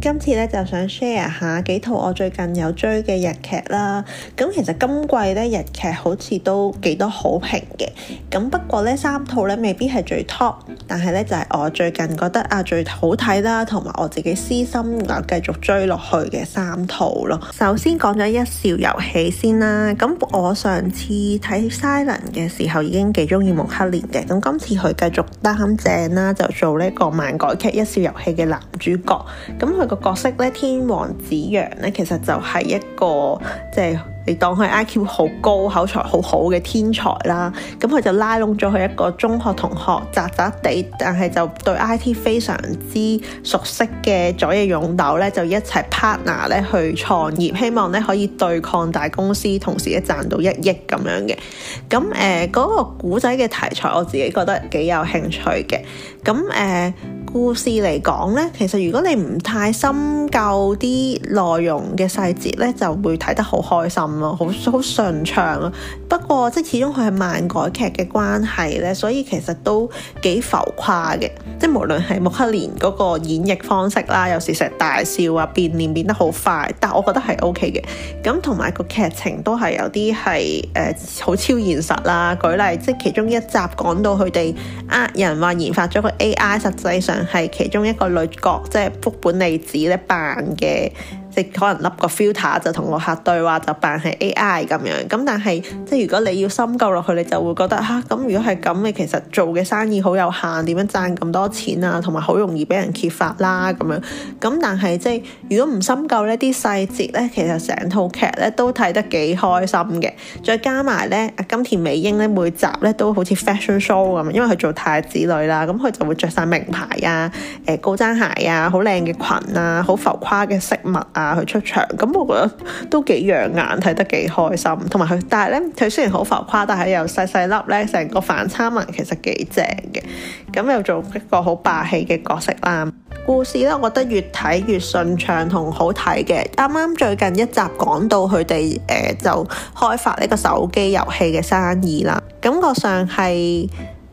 今次咧就想 share 下幾套我最近有追嘅日劇啦。咁、嗯、其實今季咧日劇好似都幾多好評嘅。咁不過呢，三套咧未必係最 top，但係咧就係、是、我最近覺得啊最好睇啦，同埋我自己私心、啊、繼續追落去嘅三套咯。首先講咗《一兆遊戲》先啦。咁我上次睇 Silent 嘅時候已經幾中意目黑蓮嘅。咁今次佢繼續擔正啦，就做呢個漫改劇《一兆遊戲》嘅男主角。咁佢個角色咧，天王子陽咧，其實就係一個即係你當佢 IQ 好高、口才好好嘅天才啦。咁佢就拉攏咗佢一個中學同學，渣渣地，但係就對 IT 非常之熟悉嘅佐野勇斗咧，就一齊 partner 咧去創業，希望咧可以對抗大公司，同時一賺到一億咁樣嘅。咁誒嗰個古仔嘅題材，我自己覺得幾有興趣嘅。咁誒。呃故事嚟講咧，其實如果你唔太深究啲內容嘅細節咧，就會睇得好開心咯，好好順暢啊。不過即係始終佢係漫改劇嘅關係咧，所以其實都幾浮誇嘅。即係無論係目黑蓮個演繹方式啦，有時成日大笑啊，變臉變得好快，但係我覺得係 OK 嘅。咁同埋個劇情都係有啲係誒好超現實啦。舉例，即係其中一集講到佢哋呃人話研發咗個 AI，實際上。係其中一個女角，即係福本莉子咧扮嘅。可能笠個 filter 就同個客對話，就扮係 AI 咁樣。咁但係即係如果你要深究落去，你就會覺得嚇咁。啊、如果係咁你其實做嘅生意好有限，點樣賺咁多錢啊？同埋好容易俾人揭發啦、啊、咁樣。咁但係即係如果唔深究呢啲細節咧，其實成套劇咧都睇得幾開心嘅。再加埋咧，今田美櫻咧每集咧都好似 fashion show 咁，因為佢做太子女啦，咁佢就會着晒名牌啊，誒、呃、高踭鞋啊，好靚嘅裙啊，好浮誇嘅飾物啊。佢出場咁，我覺得都幾養眼，睇得幾開心。同埋佢，但係咧，佢雖然好浮誇，但係又細細粒咧，成個反差文其實幾正嘅。咁又做一個好霸氣嘅角色啦。 故事咧，我覺得越睇越順暢同好睇嘅。啱啱最近一集講到佢哋誒就開發呢個手機遊戲嘅生意啦，感覺上係。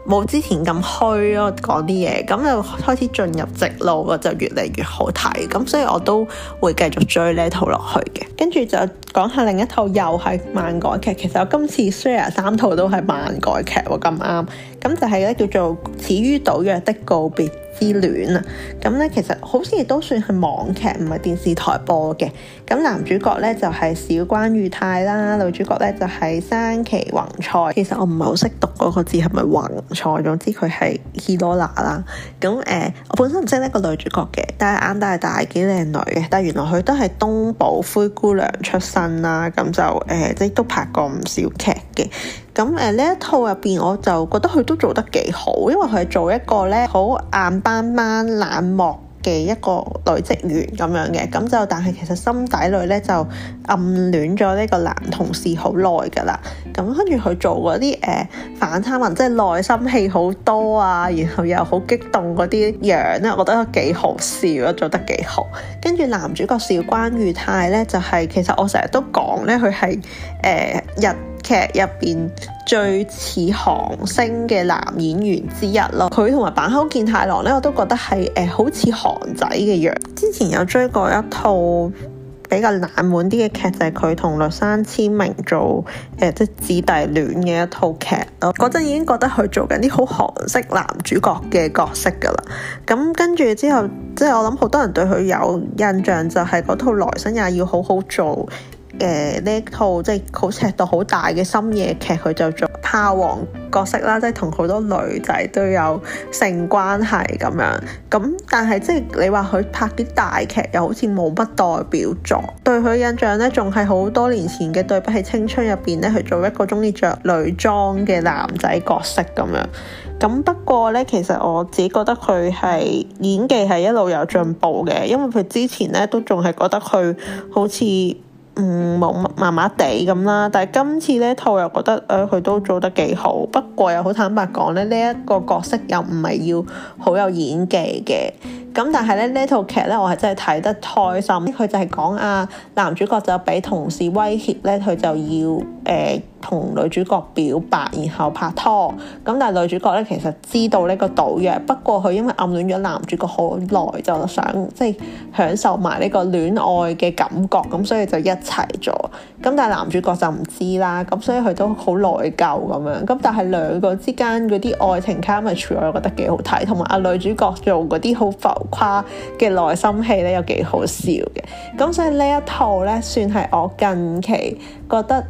冇之前咁虛咯，講啲嘢咁就開始進入直路，我就越嚟越好睇，咁所以我都會繼續追呢套落去嘅。跟住就講下另一套又係漫改劇，其實我今次 share 三套都係漫改劇喎，咁啱。咁就係咧叫做始於賭約的告別之戀啊。咁咧其實好似都算係網劇，唔係電視台播嘅。咁男主角咧就係、是、小關裕太啦，女主角咧就係山崎宏菜。其實我唔係好識讀嗰個字係咪宏菜，總之佢係 Hirona 啦。咁誒、呃，我本身唔識呢個女主角嘅，但係眼大大幾靚女嘅。但係原來佢都係東寶灰姑娘出身啦，咁就誒、呃、即都拍過唔少劇。嘅，咁誒，呢一套入邊，我就覺得佢都做得幾好，因為佢係做一個咧好硬邦邦、冷漠嘅一個女職員咁樣嘅咁就，但係其實心底裏咧就暗戀咗呢個男同事好耐噶啦。咁跟住佢做嗰啲誒，反差文，即係內心戲好多啊，然後又好激動嗰啲樣咧，我覺得幾好笑，做得幾好。跟住男主角小關裕泰咧，就係、是，其實我成日都講咧，佢係誒，日。呃劇入邊最似韓星嘅男演員之一咯，佢同埋坂口健太郎咧，我都覺得係誒、呃、好似韓仔嘅樣。之前有追過一套比較冷門啲嘅劇，就係佢同栗山千明做誒、呃、即係姊弟戀嘅一套劇咯。嗰、啊、陣已經覺得佢做緊啲好韓式男主角嘅角色㗎啦。咁跟住之後，即係我諗好多人對佢有印象就係嗰套《來生也要好好做》。誒呢套即係好尺度好大嘅深夜劇，佢就做炮王角色啦，即係同好多女仔都有性關係咁樣。咁但係即係你話佢拍啲大劇又好似冇乜代表作。對佢印象呢仲係好多年前嘅對不起青春入邊呢，去做一個中意着女裝嘅男仔角色咁樣。咁不過呢，其實我自己覺得佢係演技係一路有進步嘅，因為佢之前呢都仲係覺得佢好似。嗯，冇麻麻地咁啦，但係今次呢套又覺得，誒、呃、佢都做得幾好，不過又好坦白講咧，呢、這、一個角色又唔係要好有演技嘅。咁但係咧，呢套劇咧，我係真係睇得開心，佢就係講啊，男主角就俾同事威脅咧，佢就要誒。呃同女主角表白，然後拍拖。咁但係女主角咧，其實知道呢個賭約，不過佢因為暗戀咗男主角好耐，就想即係享受埋呢個戀愛嘅感覺，咁所以就一齊咗。咁但係男主角就唔知啦，咁所以佢都好內疚咁樣。咁但係兩個之間嗰啲愛情 chemistry，我覺得幾好睇，同埋阿女主角做嗰啲好浮誇嘅內心戲咧，又幾好笑嘅。咁所以呢一套咧，算係我近期覺得。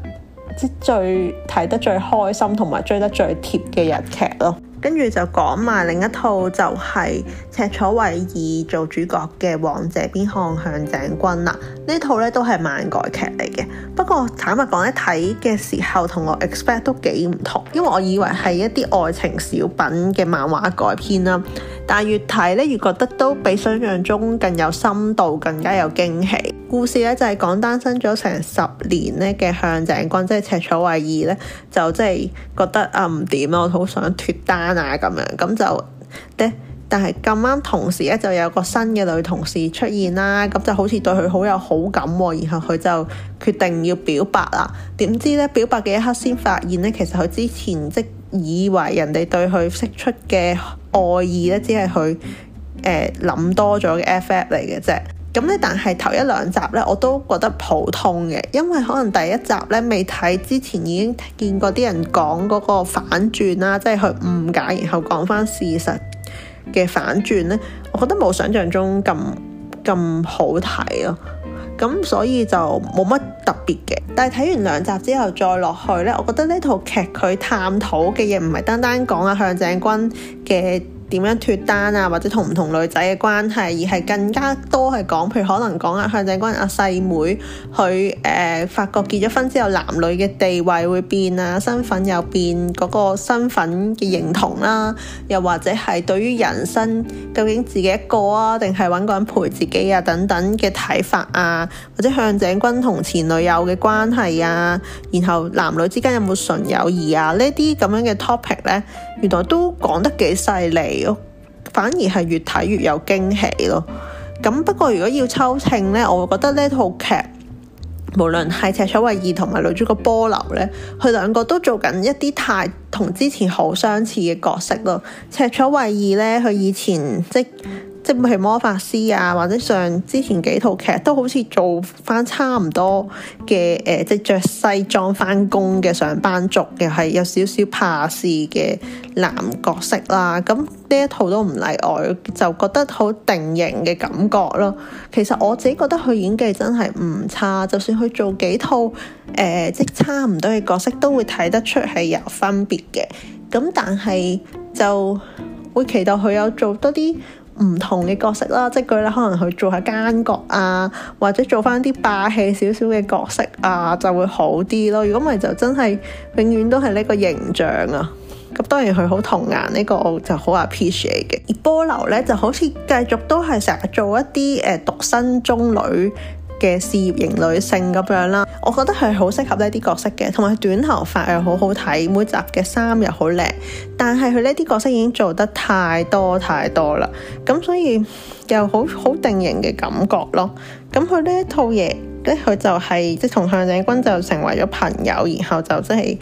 最睇得最開心同埋追得最貼嘅日劇咯～跟住就講埋另一套，就係赤楚衛二做主角嘅《往這邊看向井君》啦，呢套咧都係漫改劇嚟嘅。不過坦白講咧，睇嘅時候同我 expect 都幾唔同，因為我以為係一啲愛情小品嘅漫畫改編啦。但係越睇咧越覺得都比想像中更有深度，更加有驚喜。故事咧就係、是、講單身咗成十年咧嘅向井君，即係赤楚衛二咧，就即係覺得啊唔掂啊，我好想脱單。啊咁樣咁就，但係咁啱同時咧，就有個新嘅女同事出現啦，咁就好似對佢好有好感喎、哦，然後佢就決定要表白啦。點知咧，表白嘅一刻先發現咧，其實佢之前即以為人哋對佢釋出嘅愛意咧，只係佢誒諗多咗嘅 effect 嚟嘅啫。咁咧，但係頭一兩集咧，我都覺得普通嘅，因為可能第一集咧，未睇之前已經聽見過啲人講嗰個反轉啦、啊，即係佢誤解，然後講返事實嘅反轉咧，我覺得冇想像中咁咁好睇咯、啊。咁所以就冇乜特別嘅。但係睇完兩集之後再落去咧，我覺得呢套劇佢探討嘅嘢唔係單單講啊向井君嘅。點樣脱單啊？或者同唔同女仔嘅關係，而係更加多係講，譬如可能講阿向井君阿、啊、細妹佢誒、呃、發覺結咗婚之後，男女嘅地位會變啊，身份又變，嗰、那個身份嘅認同啦、啊，又或者係對於人生究竟自己一個啊，定係揾個人陪自己啊等等嘅睇法啊，或者向井君同前女友嘅關係啊，然後男女之間有冇純友誼啊？呢啲咁樣嘅 topic 呢，原來都講得幾犀利。反而係越睇越有驚喜咯。咁不過如果要抽秤呢，我會覺得呢套劇無論係赤楚衛二同埋女主角波瑠呢，佢兩個都做緊一啲太同之前好相似嘅角色咯。赤楚衛二呢，佢以前即。即係魔法師啊，或者上之前幾套劇都好似做返差唔多嘅。誒、呃，即係著西裝返工嘅上班族嘅，係有少少怕事嘅男角色啦。咁呢一套都唔例外，就覺得好定型嘅感覺咯。其實我自己覺得佢演技真係唔差，就算佢做幾套誒、呃，即差唔多嘅角色都會睇得出係有分別嘅。咁但係就會期待佢有做多啲。唔同嘅角色啦，即係佢咧可能去做下奸角啊，或者做翻啲霸氣少少嘅角色啊，就會好啲咯。如果唔係就真係永遠都係呢個形象啊。咁當然佢好童顏呢個就好啊 appreciate 嘅。而波流呢，就好似繼續都係成日做一啲誒獨身中女。嘅事業型女性咁樣啦，我覺得佢好適合呢啲角色嘅，同埋短頭髮又好好睇，每集嘅衫又好靚，但係佢呢啲角色已經做得太多太多啦，咁所以又好好定型嘅感覺咯。咁佢呢一套嘢。佢就係、是、即同向井君就成為咗朋友，然後就即係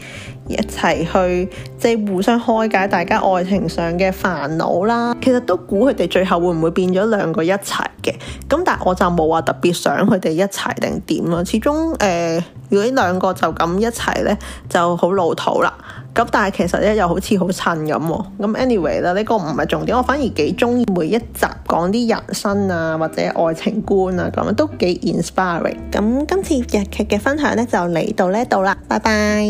一齊去即係、就是、互相開解大家愛情上嘅煩惱啦。其實都估佢哋最後會唔會變咗兩個一齊嘅？咁但係我就冇話特別想佢哋一齊定點咯。始終誒、呃，如果兩個就咁一齊呢，就好老土啦。咁但係其實又好似好襯咁喎。咁 anyway 啦，呢個唔係重點，我反而幾中意每一集講啲人生啊或者愛情觀啊咁樣都幾 inspiring。咁今次日劇嘅分享呢，就嚟到呢度啦，拜拜。